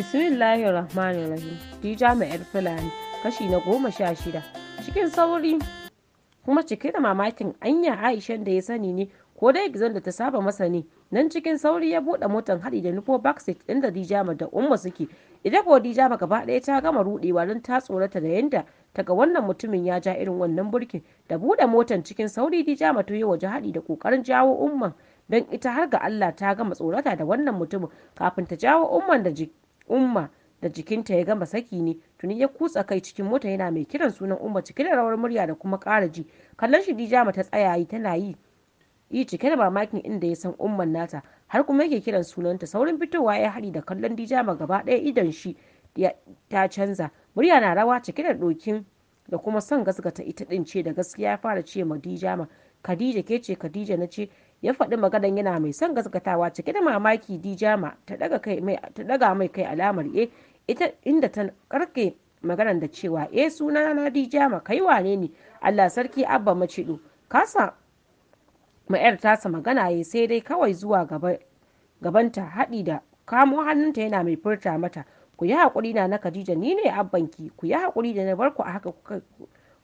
Bismillahi Rahmanir Rahim. Dija mai yar Fulani kashi na goma sha shida. Cikin sauri kuma cike da mamakin anya Aishan da ya sani ne ko dai gizon da ta saba masa ne nan cikin sauri ya buɗe motan hadi da nufo backseat ɗin da Dijama da Umma suke. Ita ko Dijama gaba ɗaya ta gama ruɗewa don ta tsorata da yanda ta ga wannan mutumin ya ja irin wannan burkin da buɗe motan cikin sauri Dijama to ya waje hadi da kokarin jawo Umman don ita har ga Allah ta gama tsorata da wannan mutumin kafin ta jawo Umman da jiki. Umma da jikinta ya gama saki ne tuni ya kutsa kai cikin mota yana mai kiran sunan Umma cike da rawar murya da kuma ƙara ji kallon shi Dijama ta tsaya yi tana yi yi cike da mamakin inda ya san umman nata har kuma yake kiran sunanta saurin fitowa ya haɗi da kallon Dijama gaba ɗaya idan shi ta canza murya na rawa cike da dokin da kuma son gasgata ita ɗin ce da gaskiya ya fara ce ma Dijama Khadija ke ce Khadija na ce ya faɗi maganan yana mai son gaskatawa cike da mamaki dijama ta daga mai kai alamar e ita inda ta karke maganar da cewa e eh, suna na dijama kai wane ne allah sarki abba macido kasa ma'yar tasa magana ya sai dai kawai zuwa gabanta haɗi da kamo hannunta yana mai furta mata ku yi haƙuri na na khadija ni ne abbanki ku yi haƙuri da na barku a haka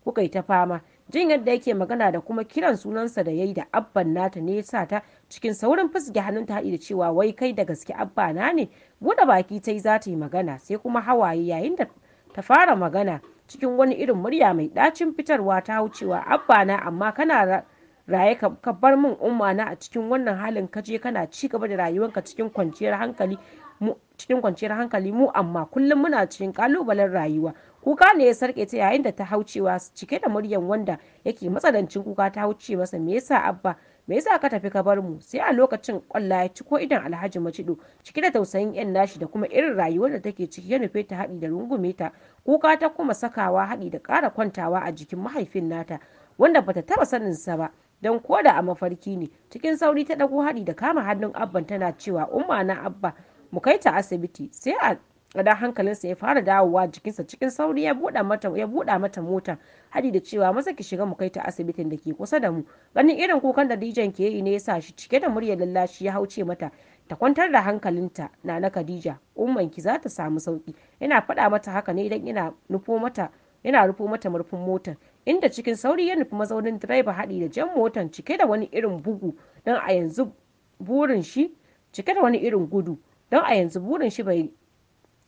kuka yi ta fama Jin yadda yake magana da kuma kiran sunansa da yayi da Abban nata ne yasa ta cikin saurin hannun ta haɗi da cewa wai kai da gaske Abba na ne buɗe baki ta yi za yi magana sai kuma hawaye yayin da ta fara magana cikin wani irin murya mai ɗacin fitarwa ta hau cewa Abba na amma kana raye ka bar min umma na a cikin wannan halin ka je kana ci gaba da rayuwarka cikin kwanciyar hankali mu cikin kwanciyar hankali mu amma kullum muna cikin kalubalen rayuwa kuka ne ya sarke ta yayin da ta haucewa cike da muryan wanda yake matsanancin kuka ta hauce masa me yasa abba me yasa ka tafi ka bar mu sai a lokacin kwalla ya ci idan alhaji macido cike da tausayin yan nashi da kuma irin rayuwar da take ciki ya nufe ta haɗi da rungume ta kuka ta kuma sakawa haɗi da ƙara kwantawa a jikin mahaifin nata wanda bata taɓa saninsa ba don ko da a mafarki ne cikin sauri ta ɗago haɗi da kama hannun abban tana cewa umma na abba mu kai ta asibiti sai a da hankalinsa ya fara dawowa jikinsa cikin sauri ya buɗa mata ya buɗa mota hadi da cewa masa ki shiga mu kai ta asibitin da ke kusa da mu ganin irin kukan da dijan ke yi ne ya sa shi cike da muryar lallashi ya hauce mata ta kwantar da hankalinta na na Khadija umman ki za ta samu sauki yana faɗa mata haka ne idan ina nufo mata yana rufo mata murfin motar inda cikin sauri ya nufi mazaunin direba haɗi da jan motar cike da wani irin bugu don a yanzu burin shi cike da wani irin gudu don a yanzu burin shi bai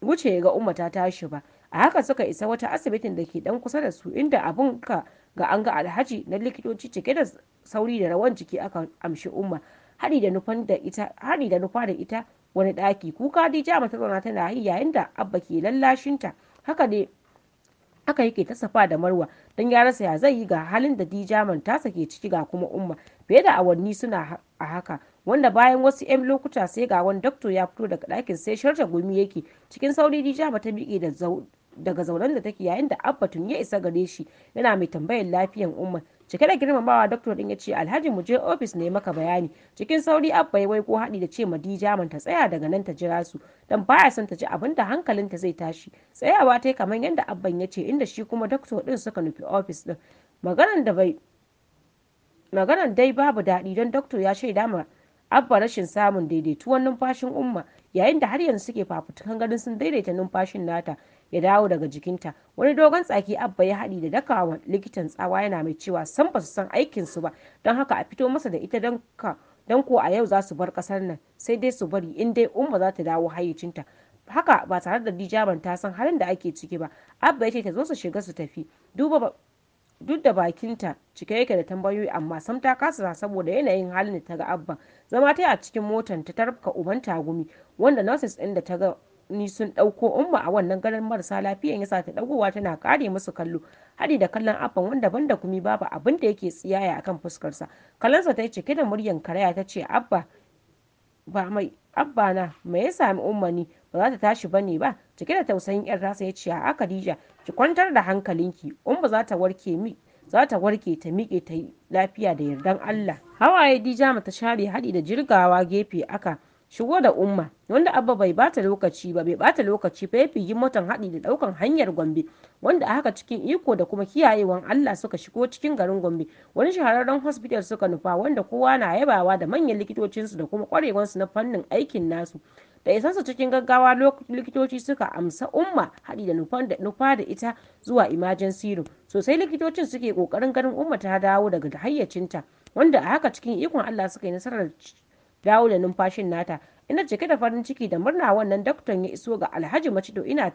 wuce ga umma ta tashi ba a haka suka isa wata asibitin da ke dan kusa da su inda abun ka ga an ga alhaji na likitoci cike da sauri da rawan jiki aka amshi umma hari da nufa da ita wani daki kuka dija mata zauna tana yi yayin da abba ke lallashinta haka ne aka yake ta safa da marwa don ya rasa ya zai yi ga halin da dijaman ta sake ciki ga kuma umma fiye da awanni suna a haka wanda bayan wasu 'yan lokuta sai ga wani dakto ya fito daga ɗakin sai sharta gumi yake cikin sauri ba ta miƙe da daga zauren da take yayin da abba tun ya isa gare shi yana mai tambayar lafiyan umar. cike da girmamawa dakto din ya ce alhaji mu je ofis ne maka bayani cikin sauri abba ya wai ko haɗi da ce madija man ta tsaya daga nan ta jira su dan baya son ta ji abin da hankalinta zai tashi tsayawa ta kamar yadda abban ya ce inda shi kuma doktor din suka nufi ofis din maganan da bai maganan dai babu daɗi don doktor ya shaida ma abba rashin samun daidaituwan numfashin umma yayin da har yanzu suke fafutukan ganin sun daidaita numfashin nata ya dawo daga jikinta wani dogon tsaki abba ya haɗi da dakawa likitan tsawa yana mai cewa san ba su san su ba don haka a fito masa da ita don ko a yau za su bar kasar nan sai dai su bari in dai umma za ta dawo hayyacinta haka ba tare da dijaban ta san halin da ake ciki ba abba ya ce ta zo su shiga su tafi duba duk da bakinta cike yake da tambayoyi amma sam ta kasa saboda yanayin halin da ta ga Abba. zama ta a cikin motan ta tarfka uban gumi, wanda nurses ɗin da ta ga ni sun ɗauko umma a wannan garin marasa lafiyan yasa ta dagowa tana kare musu kallo haɗi da kallon abban wanda banda kumi babu abin da yake tsiyaya akan fuskarsa kallonsa ta yi cike da muryan karaya ta ce abba ba mai abba na me ya sami ummani ba za ta tashi bane ba cike da tausayin yar rasa ya ce a Khadija ki kwantar da hankalinki ba za ta warke mi za ta warke ta miƙe ta lafiya da yardan Allah hawaye Dija mata share haɗi da jirgawa gefe aka shigo da umma wanda abba bai bata lokaci ba bai bata lokaci fa ya figi motan haɗi da ɗaukan hanyar gombe wanda a haka cikin iko da kuma kiyayewan allah suka shigo cikin garin gombe wani shahararren hospital suka nufa wanda kowa na yabawa da manyan likitocinsu da kuma kwarewansu na fannin aikin nasu da isansu cikin gaggawa likitoci suka amsa umma haɗi da nufa da ita zuwa emergency room sosai likitocin suke kokarin ganin umma ta dawo daga hayyacinta wanda a haka cikin ikon allah suka yi nasarar dawo da numfashin nata ina cike da farin ciki da murna wannan daktan ya iso ga alhaji macido ina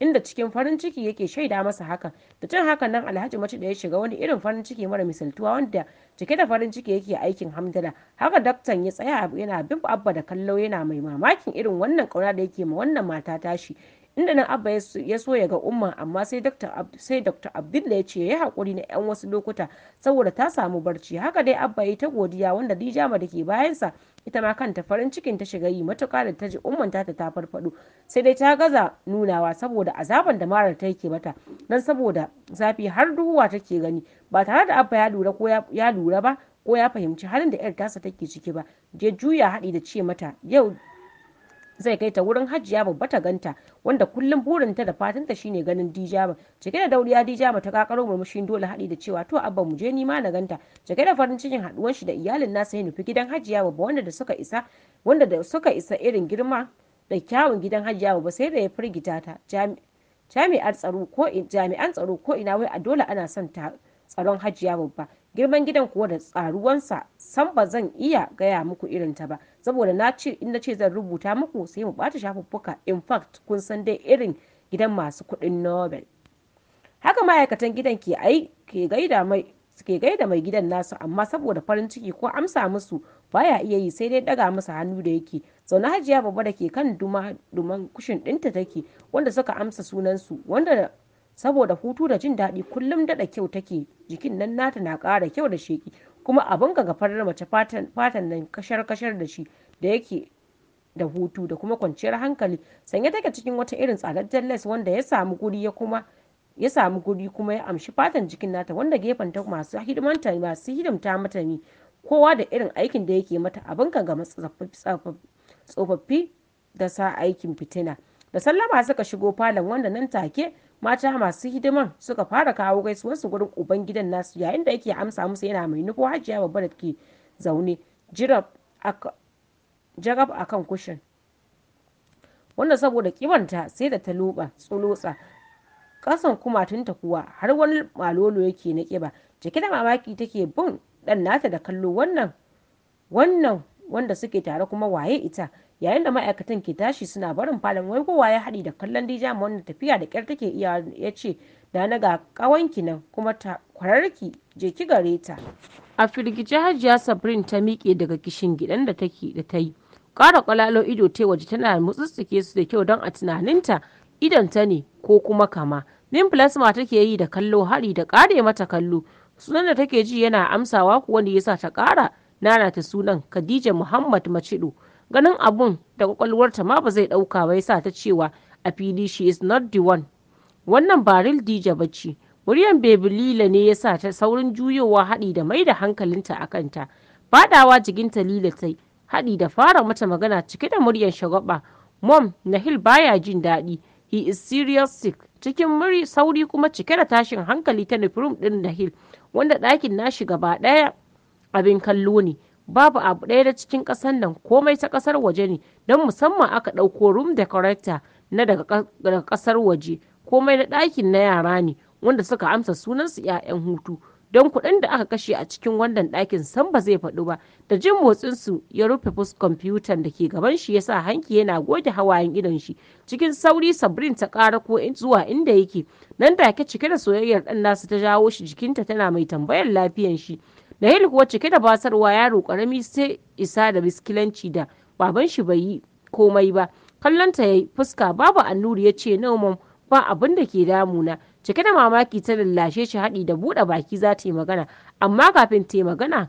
inda cikin farin ciki yake shaida masa hakan da cin hakan nan alhaji mace da ya shiga wani irin farin ciki mara misaltuwa wanda cike da farin ciki yake aikin hamdala haka daktan ya tsaya yana bin abba da kallo yana mai mamakin irin wannan kauna da yake ma wannan mata tashi inda nan abba ya so ya ga umma amma sai dr abdulla ya ce ya haƙuri na 'yan wasu lokuta saboda ta samu barci haka dai abba ya ta godiya wanda dijama da ke bayansa ita ma kanta farin cikin ta shiga yi matuƙa da ta ji umman ta ta farfado sai dai ta gaza nunawa saboda azaban da marar ta yake mata dan saboda zafi har duhuwa take gani ba tare da abba ya lura ko ya lura ba ko ya fahimci halin da 'yar tasa take ciki ba je juya haɗi da ce mata yau zai kai ta wurin hajiya babba ta ganta wanda kullum burinta da fatanta shine ganin dijama cike da dauriya dijama ta kakaro murmushin dole haɗi da cewa to abba mu je ni ma na ganta cike da farin cikin haɗuwan shi da iyalin nasa ya nufi gidan hajiya babba wanda da suka isa wanda da suka isa irin girma da kyawun gidan hajiya babba sai da ya firgita ta jami'an tsaro ko ina wai a dole ana son ta tsaron hajiya babba girman gidan kuwa da tsaruwansa san ba zan iya gaya muku irin ta ba saboda na ce in na ce zan rubuta muku sai mu bata shafuffuka in fact kun san dai irin gidan masu kuɗin nobel haka ma'aikatan gidan ke ai ke gaida mai suke gaida mai gidan nasu amma saboda farin ciki ko amsa musu baya iya yi sai dai daga musu hannu da yake zaune hajiya babba da ke kan duma duman kushin ɗinta take wanda suka amsa sunansu wanda saboda hutu da jin daɗi kullum daɗa kyau take jikin nan nata na ƙara kyau da sheki kuma abin ga farar mace fatan nan kashar-kashar da shi da yake da hutu da kuma kwanciyar hankali sanye take cikin wata irin tsadajjen les wanda ya samu guri ya kuma ya samu guri kuma ya amshi fatan jikin nata wanda gefen ta masu hidimanta masu hidimta mata ne kowa da irin aikin da yake mata abin ka ga tsofaffi da sa aikin fitina da sallama suka shigo falon wanda nan take mata masu hidiman suka fara kawo su gurin gidan nasu yayin da yake amsa musu yana mai nufo hajiya babba da ke zaune jarab a kan kushin wanda saboda kimanta sai da ta loba tsulotsa kasan kumatunta kuwa har wani malolo yake na kiba jiki da mamaki take bin dan nata da kallo wannan wannan wanda suke tare kuma waye ita yayin da ma'aikatan ke tashi suna barin falon kowa ya haɗi da kallon dija wanda tafiya da ƙyar take iya ya ce da na ga ƙawanki nan kuma ta kwararki je ki gare ta a firgice hajiya sabrin ta miƙe daga kishin gidan da take da ta yi ƙara ƙwalalo ido ta waje tana mutsutsuke su da kyau don a tunaninta idon ta ne ko kuma kama min plasma take yi da kallo hari da ƙare mata kallo sunan da take ji yana amsawa wanda ya sa ta ƙara nana ta sunan khadija muhammad macido ganin abun da kwakwalwarta ma ba zai ɗauka ba yasa ta cewa a fili she is not the one wannan baril dija bacci muryan bebilila ne yasa ta saurin juyowa haɗi da mai da hankalinta a kanta faɗawa jikinta lila tai haɗi da fara mata magana cike da muryar shagwaba mom nahil baya jin daɗi he is serious sick cikin muri sauri kuma cike da tashin hankali ta nufi room da nahil wanda ɗakin nashi gaba ɗaya abin kallo ne babu abu ɗaya da cikin ƙasar nan komai ta ƙasar waje ne don musamman aka ɗauko room decorator na daga ƙasar waje komai na ɗakin na yara ne wanda suka amsa sunansu 'ya'yan hutu don kuɗin da aka kashe a cikin wannan ɗakin san ba zai faɗu ba da jin motsinsu ya rufe fus kwamfutan da ke gaban shi yasa hanki yana goge hawayen idon shi cikin sauri sabrin ta ƙara ko zuwa inda yake nan da ke cike da soyayyar ɗan nasu ta jawo shi jikinta tana mai tambayar lafiyan shi Nahilu kuwa cike da basarwa yaro karami sai isa da biskilanci da baban shi bai yi komai ba. kallon ta yayi fuska babu annuri ya ce no ba abin da ke damu na Cike da mamaki ta lallashe shi haɗi da buɗe baki za ta yi magana amma kafin ta yi magana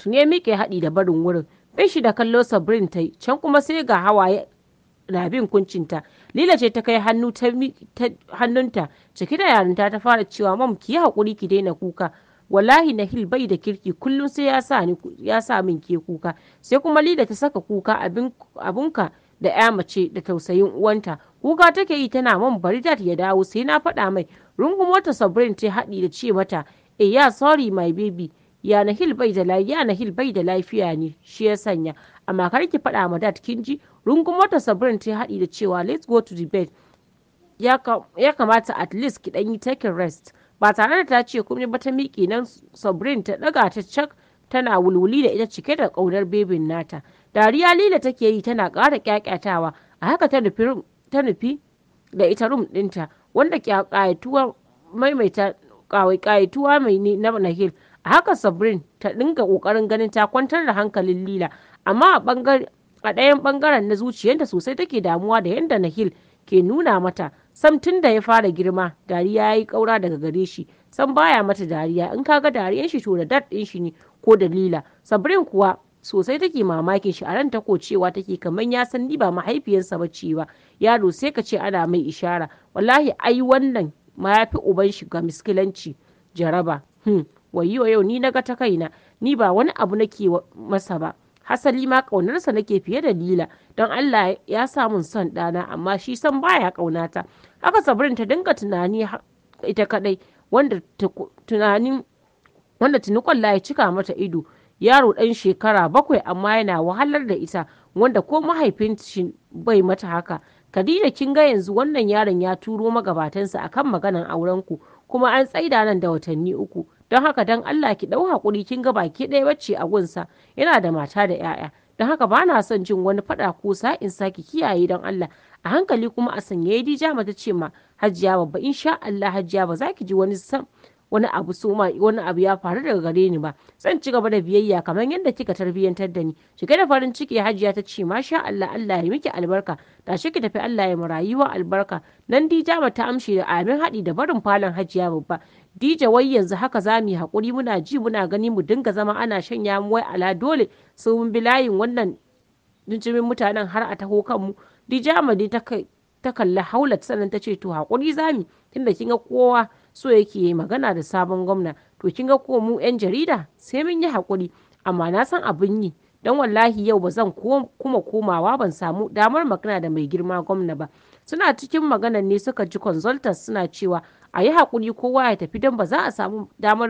tuni ya miƙe haɗi da barin wurin. Bin shi da kallo Sabrin ta yi can kuma sai ga hawaye na bin kuncinta. Lila ce ta kai hannu ta hannunta cike da yarinta ta fara cewa mam ki yi haƙuri ki daina kuka wallahi nahil bai da kirki kullum sai ya sa ni ya sa min ke kuka sai kuma lida ta saka kuka abunka da ya mace da tausayin uwanta kuka take yi tana man bari baridat ya dawo sai na faɗa mai rungumota sabrin ta haɗi da ce mata e ya sorry my baby ya hil bai da lafiya hil bai da lafiya ne shi ya sanya amma kar ki faɗa ma dat kin ji rungumota sabrin ta haɗi da cewa let's go to the bed ya kamata at least ki ɗan yi take rest ba tare da ta ce komai ba ta miƙe nan sabrin ta ɗaga ta cak tana wulwuli da ita cike da ƙaunar bebin nata dariya lila take yi tana ƙara ƙyaƙyatawa a haka ta nufi ta nufi da ita rum ɗinta wanda ƙayatuwa maimaita ƙayatuwa mai na nahil a haka sabrin ta dinga ƙoƙarin ganin ta kwantar da hankalin lila amma a bangare a ɗayan ɓangaren na zuciyarta sosai take damuwa da yadda nahil ke nuna mata sam tun da ya fara girma dariya ya yi ƙaura daga gare shi sam baya mata dariya in ka ga dariyan shi to da dad ɗin shi ne ko dalila sabrin kuwa sosai take mamakin shi a ran tako cewa take kamar ya san ni ba mahaifiyarsa ba ce ba yaro sai ka ce ana mai ishara wallahi ai wannan ma ya fi uban shi ga miskilanci jaraba hmm. wayo yau ni na ga ta kaina ni ba wani abu nake masa ba hasali ma ƙaunarsa nake fiye da lila don allah ya samun son ɗana amma shi san baya ƙaunata haka sabrin ta dinga tunani ita kadai wanda tunanin tuni kwalla ya cika mata ido yaro dan shekara bakwai amma yana wahalar da ita wanda ko mahaifin bai mata haka Khadija kin ga yanzu wannan yaron ya turo magabatansa akan maganan aurenku kuma an tsaida nan da watanni uku don haka don Allah ki ɗau hakuri kin ga baki ɗaya bacci a gunsa yana da mata da 'ya'ya don haka ba na son jin wani faɗa ko sa'in saki kiyaye don Allah a hankali kuma a sanye dija mata ce ma hajiya babba sha Allah hajiya ba za ki ji wani wani abu suma wani abu ya faru daga gare ni ba zan ci gaba da biyayya kamar yadda kika tarbiyyantar da ni cike da farin ciki hajiya ta ce masha Allah Allah ya miki albarka shi ki tafi Allah ya rayuwa albarka nan Dija ma ta amshi da amin haɗi da barin falon hajiya babba dija wai yanzu haka za mu yi haƙuri muna ji muna gani mu dinga zama ana shanya mu wai ala dole su mun bi layin wannan jinjimin mutanen har a taho kanmu Dija ma ta kalli haulat sannan ta ce to hakuri za mu tunda kin ga kowa so yake yi magana da sabon gwamna to kin ga ko mu 'yan jarida sai mun yi hakuri amma na san abin yi don wallahi yau ba zan kuma komawa ban samu damar magana da mai girma gwamna ba suna cikin maganan ne suka ji consultants suna cewa a yi haƙuri kowa ya tafi don ba za a samu damar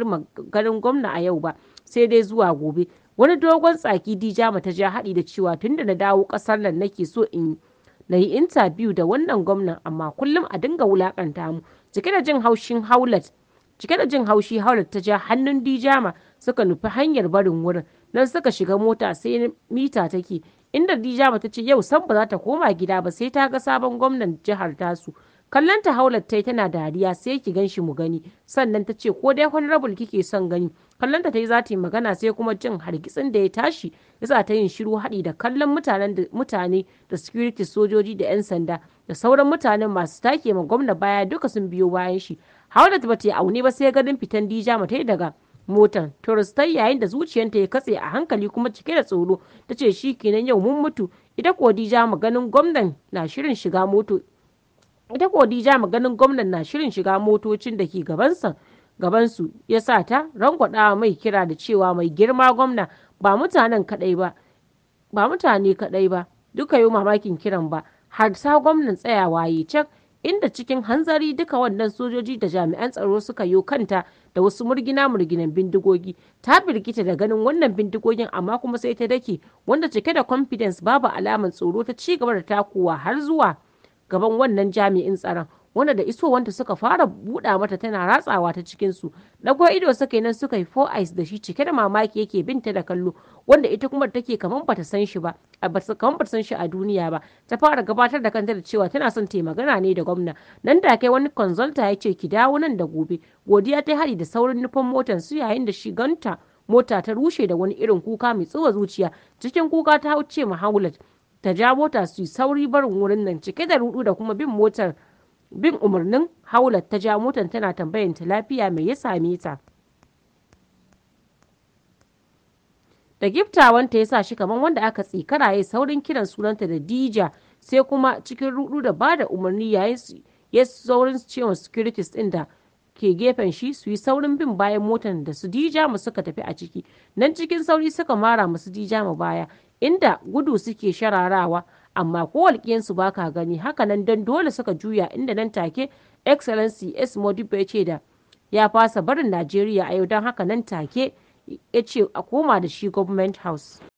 ganin gwamna a yau ba sai dai zuwa gobe wani dogon tsaki Dija, ta ja haɗi da cewa tun da na dawo ƙasar nan nake so in na yi intabiyu da wannan gwamnan amma kullum a dinga wulakanta mu Cike da jin haushin cike da jin haushi haulat ta ja hannun Dijama suka nufi hanyar barin wurin nan suka shiga mota sai mita take inda Dijama ta ce yau san ba za ta koma gida ba sai ta ga sabon gwamnan jihar tasu. Kallon ta tai tana dariya sai ki gan mu gani sannan ta ce ko dai honorable kike son gani kallon ta yi za ta yi magana sai kuma jin hargitsin da ya tashi yasa ta yin shiru haɗi da kallon mutane da security sojoji da 'yan sanda da sauran mutanen masu take ma gwamna baya duka sun biyo bayan shi haulat ba ta yi aune ba sai ganin fitan dija mata daga motar turistai yayin da zuciyanta ya katse a hankali kuma cike da tsoro ta ce shi kenan yau mun mutu ita ko dija maganin gwamnan na shirin shiga moto ita ko dija ganin gwamnan na shirin shiga motocin da ke gabansa gabansu ya sa ta rangwada mai kira da cewa mai girma gwamna ba mutanen kadai ba ba mutane kadai ba duka yau mamakin kiran ba sa gwamnan tsayawa yi cak, inda cikin hanzari duka wannan sojoji da jami'an tsaro suka yi kanta da wasu murgina-murginan bindigogi, ta birgita da ganin wannan bindigogin amma kuma sai ta dake, wanda cike da confidence babu alamar tsoro ta ci gaba da takowa har zuwa gaban wannan jami'in tsaron. wanda da isowanta suka fara buɗa mata tana ratsawa ta cikinsu ɗago ido suka nan suka yi four eyes da shi cike da mamaki yake binta da kallo wanda ita kuma take kaman bata san shi ba kaman bata san shi a duniya ba ta fara gabatar da kanta da cewa tana son ta magana ne da gwamna nan da kai wani consulta ya ce ki dawo nan da gobe godiya ta hari da saurin nufan motar su yayin da shi ganta mota ta rushe da wani irin kuka mai tsuwa zuciya cikin kuka ta wuce mahaulat ta ja mota su sauri barin wurin nan cike da rudu da kuma bin motar bin umarnin haular ta ja motar tana tambayan ta lafiya mai ya same ta. Da giftawanta ya sa shi kamar wanda aka tsikara ya saurin kiran sunanta da Dija sai kuma cikin rudu da ba da umarni yayin ya saurin cewa securities din da ke gefen shi su yi saurin bin bayan motar da su dija mu suka tafi a ciki nan cikin sauri suka mara masu dija mu baya inda gudu suke shararawa amma ko walƙiyansu ba ka gani haka nan don dole suka juya inda nan take excellency s modibo ya ce da ya fasa barin najeriya a yau don haka nan take ya ce a koma da shi government house